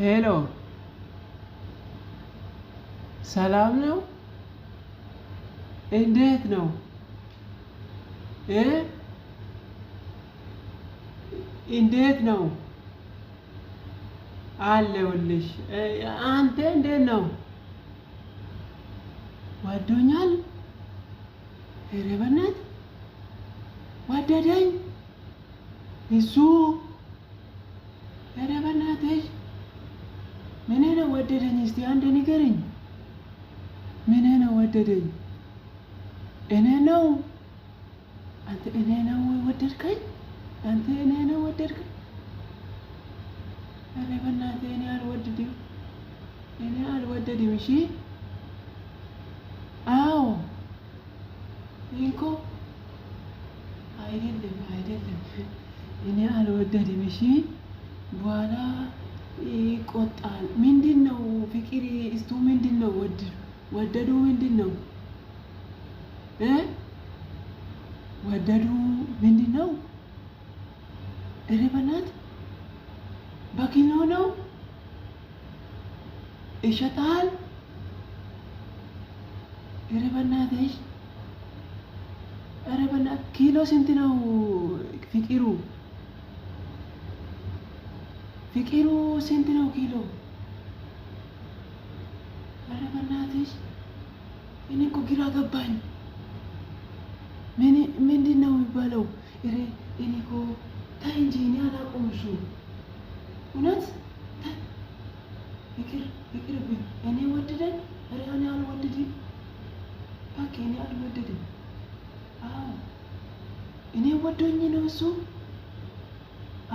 ሄሎ ሰላም ነው? እንዴት ነው? እንዴት ነው? አለውልሽ አንተ እንዴት ነው? ወዶኛል? ኧረ በእናትህ ወደደኝ እሱ ወደደኝ? እስቲ አንድ ንገረኝ። ምን ነው ወደደኝ? እኔ ነው አንተ እኔ ነው ወደድከኝ? አንተ እኔ ነው ወደድከኝ? እኔ በእናትህ እኔ አልወደድም፣ እኔ አልወደድም። እሺ አዎ ይንኮ አይደለም፣ አይደለም እኔ አልወደድም። እሺ በኋላ ይቆጣል። ምንድን ነው ፍቅር እስቱ ምንድን ነው ወደዱ ምንድን ነው ወደዱ ምንድን ነው እረ በኪሎ ነው ይሸጣል። እረ በናትሽ ኪሎ ስንት ነው ፍቅሩ? ፍቅሩ ስንት ነው ኪሎ? ኧረ በእናትሽ እኔ እኮ ግራ ገባኝ። ምንድን ነው የሚባለው? ኧረ እኔ እኮ ተይ እንጂ እኔ አላውቅም። እሱ እውነት ፍቅር ፍቅርብኝ እኔ ወደደኝ። ኧረ እኔ አልወደድም፣ በቃ እኔ አልወደድም። አዎ እኔ ወዶኝ ነው እሱ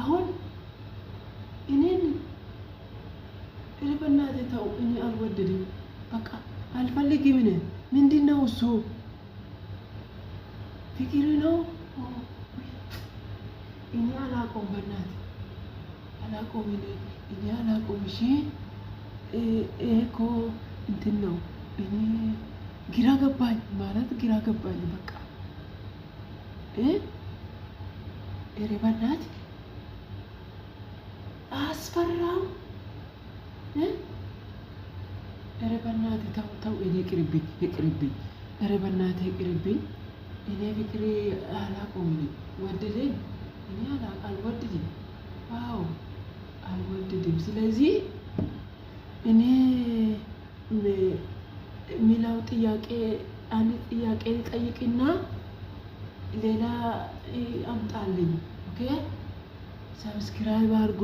አሁን ተው እኔ አልወደድም፣ በቃ አልፈልግም። ነ ምንድን ነው እሱ? ፍቅር ነው። እኔ አላቆም፣ በእናትህ አላቆም፣ እኔ አላቆም። እሺ ይሄ እኮ እንትን ነው። እኔ ግራ ገባኝ ማለት ግራ ገባኝ። በቃ ኧረ በእናትህ አስፈራው። በእናትህ ተው ተው፣ እኔ ይቅርብኝ ይቅርብኝ፣ ኧረ በእናትህ ይቅርብኝ። እኔ ፍቅሬ አላቆም ወደደኝ፣ እኔ አልወደድም። አዎ አልወደድም። ስለዚህ እኔ ሚላው ጥያቄ አንድ ጥያቄ ጠይቅና ሌላ አምጣልኝ። ኦኬ፣ ሰብስክራይብ አድርጎ